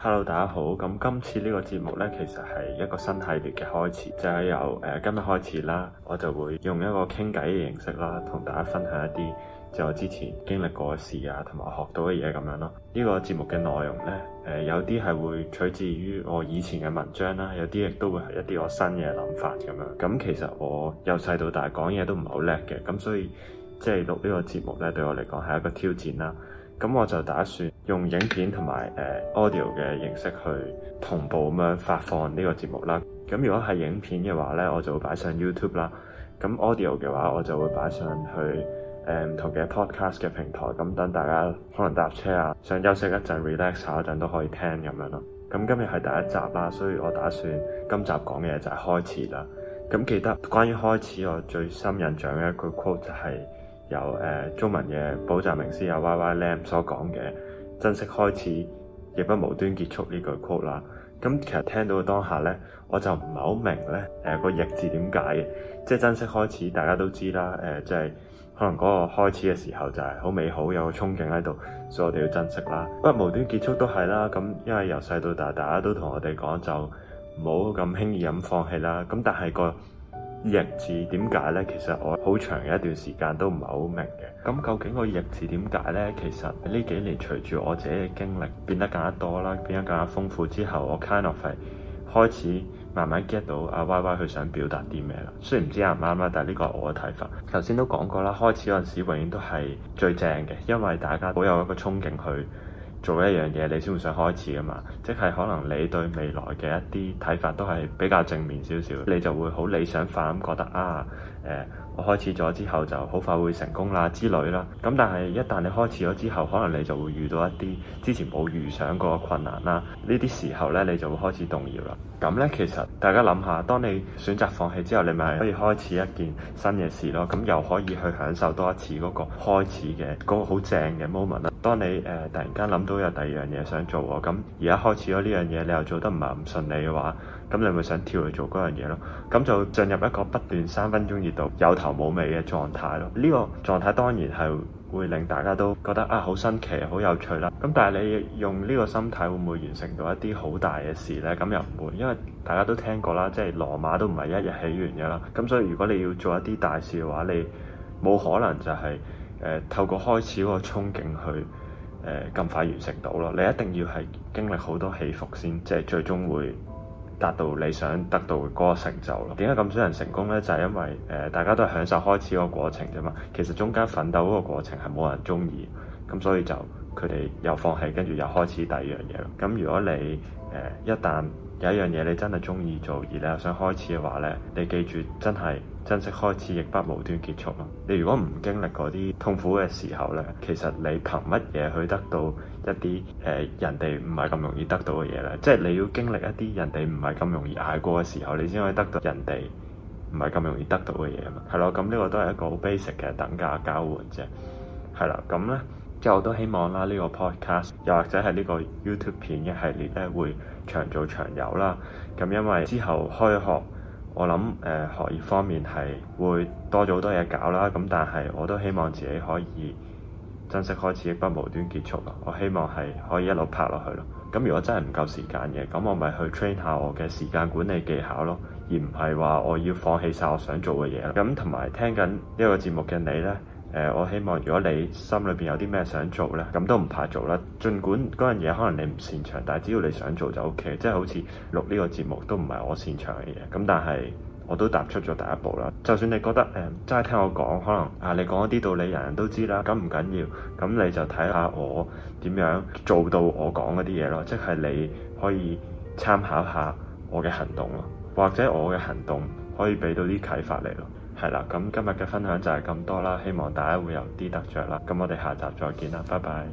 Hello，大家好。咁今次呢個節目呢，其實係一個新系列嘅開始，就係、是、由誒、呃、今日開始啦，我就會用一個傾偈嘅形式啦，同大家分享一啲就是、我之前經歷過嘅事啊，同埋學到嘅嘢咁樣咯。呢、這個節目嘅內容呢，誒、呃、有啲係會取自於我以前嘅文章啦，有啲亦都會係一啲我新嘅諗法咁樣。咁其實我由細到大講嘢都唔係好叻嘅，咁所以即係、就是、錄呢個節目呢，對我嚟講係一個挑戰啦。咁我就打算用影片同埋誒 audio 嘅形式去同步咁樣發放呢個節目啦。咁如果係影片嘅話咧，我就會擺上 YouTube 啦。咁 audio 嘅話，我就會擺上去誒唔同嘅 podcast 嘅平台。咁等大家可能搭車啊，想休息一陣 relax 下一陣都可以聽，咁樣咯。咁今日係第一集啦，所以我打算今集講嘅就係開始啦。咁記得關於開始，我最深印象嘅一個 quote 就係、是。由誒、呃、中文嘅補習名師有、啊、Y Y Lam 所講嘅珍惜開始，亦不無端結束呢句曲啦。咁其實聽到當下呢，我就唔係好明呢誒、呃個逆字點解。即係珍惜開始，大家都知啦。誒即係可能嗰個開始嘅時候就係好美好，有個憧憬喺度，所以我哋要珍惜啦。不過無端結束都係啦。咁因為由細到大，大家都同我哋講就唔好咁輕易咁放棄啦。咁但係個逆字點解呢？其實我好長一段時間都唔係好明嘅。咁究竟個逆字點解呢？其實呢幾年隨住我自己嘅經歷變得更加多啦，變得更加豐富之後，我 kind of 開始慢慢 get 到阿 Y Y 佢想表達啲咩啦。雖然唔知啱唔啱啦，但係呢個係我嘅睇法。頭先都講過啦，開始嗰陣時永遠都係最正嘅，因為大家好有一個憧憬去做一樣嘢，你先會想開始噶嘛？即係可能你對未來嘅一啲睇法都係比較正面少少，你就會好理想化咁覺得啊，誒、呃。開始咗之後就好快會成功啦之類啦，咁但係一旦你開始咗之後，可能你就會遇到一啲之前冇預想過嘅困難啦，呢啲時候呢，你就會開始動搖啦。咁呢，其實大家諗下，當你選擇放棄之後，你咪可以開始一件新嘅事咯，咁又可以去享受多一次嗰個開始嘅嗰、嗰個好正嘅 moment 啦。當你誒、呃、突然間諗到有第二樣嘢想做喎，咁而家開始咗呢樣嘢，你又做得唔係咁順利嘅話，咁你會想跳去做嗰樣嘢咯？咁就進入一個不斷三分鐘熱度、有頭冇尾嘅狀態咯。呢、這個狀態當然係會令大家都覺得啊，好新奇、好有趣啦。咁但係你用呢個心態會唔會完成到一啲好大嘅事呢？咁又唔會，因為大家都聽過啦，即係羅馬都唔係一日起源嘅啦。咁所以如果你要做一啲大事嘅話，你冇可能就係、是、誒、呃、透過開始嗰個憧憬去誒咁、呃、快完成到咯。你一定要係經歷好多起伏先，即係最終會。達到你想得到嗰個成就咯。點解咁少人成功呢？就係、是、因為誒、呃、大家都係享受開始嗰個過程啫嘛。其實中間奮鬥嗰個過程係冇人鍾意，咁所以就佢哋又放棄，跟住又開始第二樣嘢咯。咁如果你誒、呃、一旦有一樣嘢你真係中意做而你想開始嘅話呢，你記住真係珍惜開始，亦不無端結束咯。你如果唔經歷嗰啲痛苦嘅時候呢，其實你憑乜嘢去得到一啲誒、呃、人哋唔係咁容易得到嘅嘢呢？即、就、係、是、你要經歷一啲人哋唔係咁容易捱過嘅時候，你先可以得到人哋唔係咁容易得到嘅嘢嘛。係咯，咁呢個都係一個好 basic 嘅等價交換啫。係啦，咁呢。即係我都希望啦，呢、這個 podcast 又或者係呢個 YouTube 片嘅系列咧，會長做長有啦。咁、嗯、因為之後開學，我諗誒、呃、學業方面係會多咗好多嘢搞啦。咁、嗯、但係我都希望自己可以珍惜開始，不無端結束嘅。我希望係可以一路拍落去咯。咁、嗯、如果真係唔夠時間嘅，咁我咪去 train 下我嘅時間管理技巧咯，而唔係話我要放棄晒我想做嘅嘢啦。咁同埋聽緊呢個節目嘅你呢。誒、呃，我希望如果你心裏邊有啲咩想做呢，咁都唔怕做啦。儘管嗰樣嘢可能你唔擅長，但係只要你想做就 O、OK、K。即係好似錄呢個節目都唔係我擅長嘅嘢，咁但係我都踏出咗第一步啦。就算你覺得誒，真、呃、係聽我講，可能啊，你講一啲道理人人都知啦，緊唔緊要？咁你就睇下我點樣做到我講嗰啲嘢咯，即係你可以參考下我嘅行動咯，或者我嘅行動可以俾到啲啟發你咯。係啦，咁今日嘅分享就係咁多啦，希望大家會有啲得着啦，咁我哋下集再見啦，拜拜。